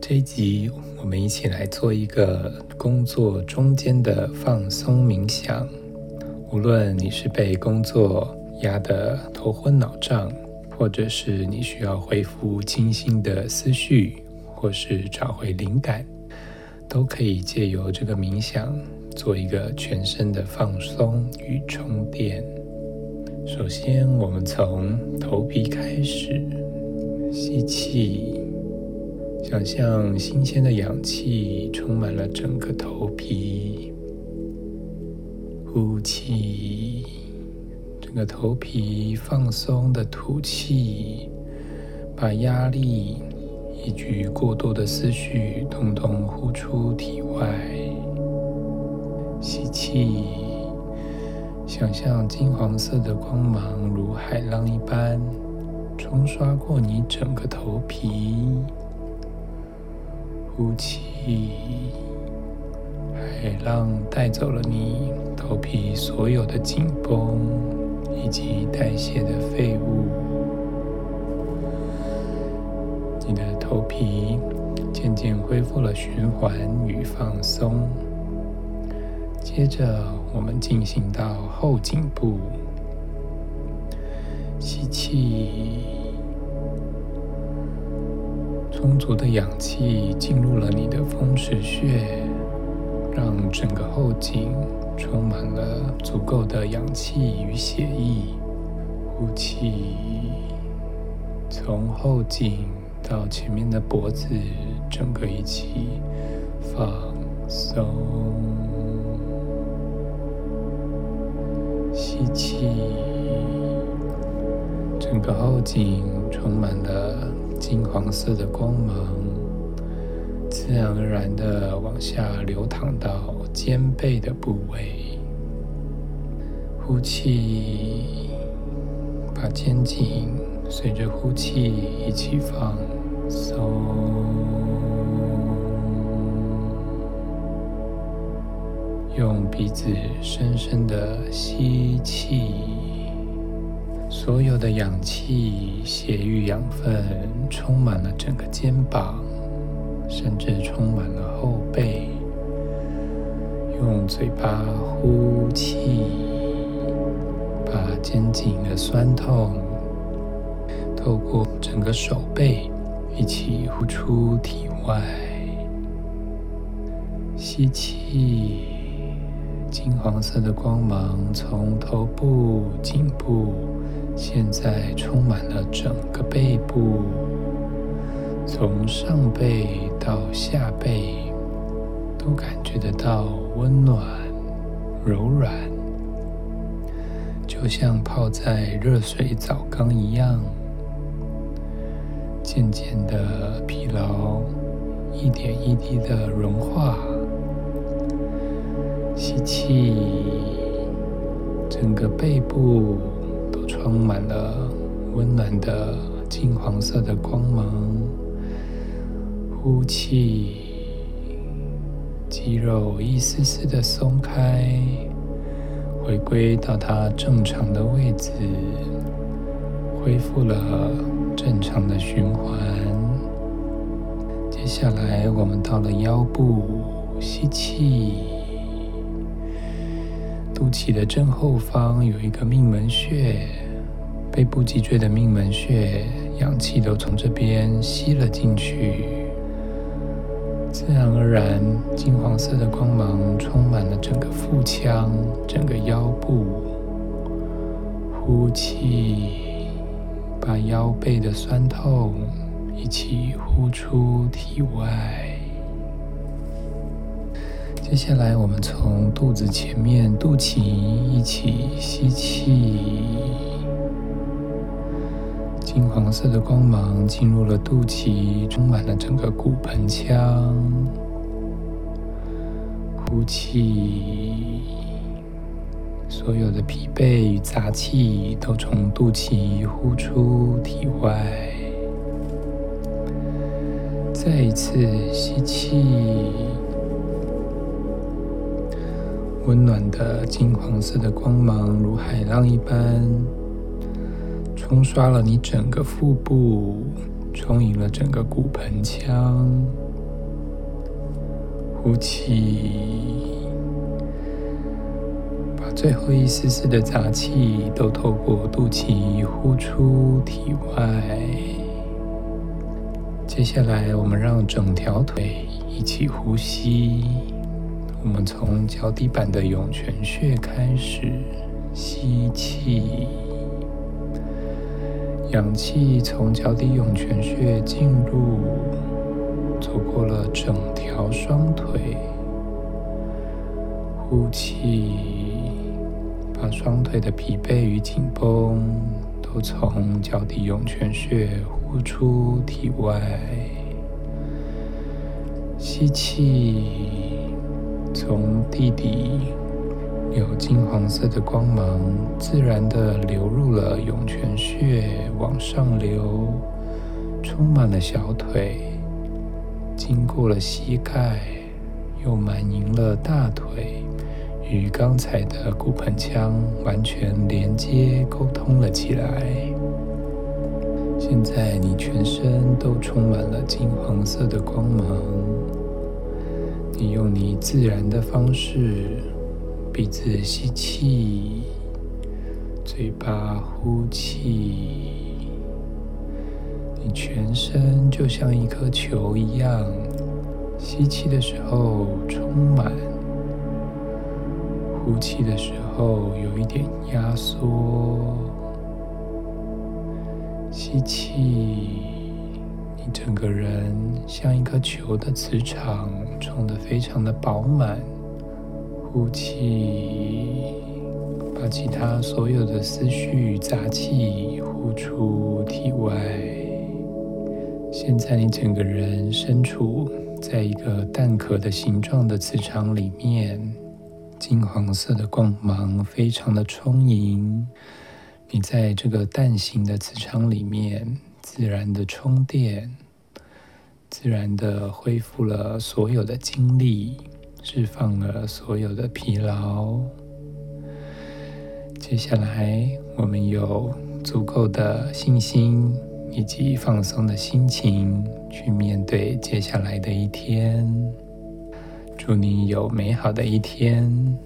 這一集，我們一起來做一個工作中間的放鬆冥想。無論你是被工作壓得頭昏腦脹，或者是你需要恢復清新的思緒，或是找回靈感，都可以借由這個冥想做一個全身的放鬆與充電。首先，我們從頭皮開始，吸氣。想象新鮮的氧氣充滿了整個頭皮，呼氣，整個頭皮放鬆的吐氣，把壓力以及過多的思緒通通呼出體外。吸氣，想象金黃色的光芒如海浪一般沖刷過你整個頭皮。呼氣，海浪帶走了你頭皮所有的緊繃以及代謝的廢物，你的頭皮漸漸恢復了循環與放鬆。接着，我們進行到後頸部，吸氣。充足的氧氣進入了你的風池穴，讓整個後頸充滿了足夠的氧氣與血液。呼氣，從後頸到前面的脖子，整個一起放鬆。吸氣，整個後頸充滿了。金黃色的光芒自然而然的往下流淌到肩背的部位，呼氣，把肩頸隨着呼氣一起放鬆，用鼻子深深的吸氣。所有的氧氣、血液養分充滿了整個肩膀，甚至充滿了後背。用嘴巴呼氣，把肩頸的酸痛透過整個手背一起呼出體外。吸氣。金黃色的光芒從頭部、頸部，現在充滿了整個背部，從上背到下背，都感覺得到溫暖、柔軟，就像泡在熱水澡缸一樣。漸漸的，疲勞一點一滴的融化。吸氣，整個背部都充滿了溫暖的金黃色的光芒。呼氣，肌肉一絲絲的鬆開，回歸到它正常的位置，恢復了正常的循環。接下來，我們到了腰部，吸氣。肚臍的正後方有一個命門穴，背部脊椎的命門穴，氧氣都從這邊吸了進去，自然而然，金黃色的光芒充滿了整個腹腔，整個腰部。呼氣，把腰背的酸痛一起呼出體外。接下來，我們從肚子前面、肚臍一起吸氣，金黃色的光芒進入了肚臍，充滿了整個骨盆腔。呼氣，所有的疲憊與雜氣都從肚臍呼出體外。再一次吸氣。溫暖的金黃色的光芒，如海浪一般，沖刷了你整個腹部，充盈了整個骨盆腔。呼氣，把最後一絲絲的雜氣都透過肚臍呼出體外。接下來，我們讓整條腿一起呼吸。我們從腳底板的湧泉穴開始，吸氣，氧氣從腳底湧泉穴進入，走過了整條雙腿。呼氣，把雙腿的疲憊與緊繃都從腳底湧泉穴呼出體外。吸氣。從地底有金黃色的光芒，自然的流入了湧泉穴，往上流，充滿了小腿，經過了膝蓋，又滿盈了大腿，與剛才的骨盆腔完全連接溝通了起來。現在你全身都充滿了金黃色的光芒。你用你自然的方式，鼻子吸氣，嘴巴呼氣。你全身就像一顆球一樣，吸氣的時候充滿，呼氣的時候有一點壓縮。吸氣。整個人像一顆球的磁場，充得非常的飽滿。呼氣，把其他所有的思緒雜氣呼出體外。現在你整個人身處在一個蛋殼的形狀的磁場裡面，金黃色的光芒非常的充盈。你在這個蛋形的磁場裡面。自然的充電，自然的恢復了所有的精力，釋放了所有的疲勞。接下來，我們有足夠的信心以及放鬆的心情去面對接下來的一天。祝你有美好的一天。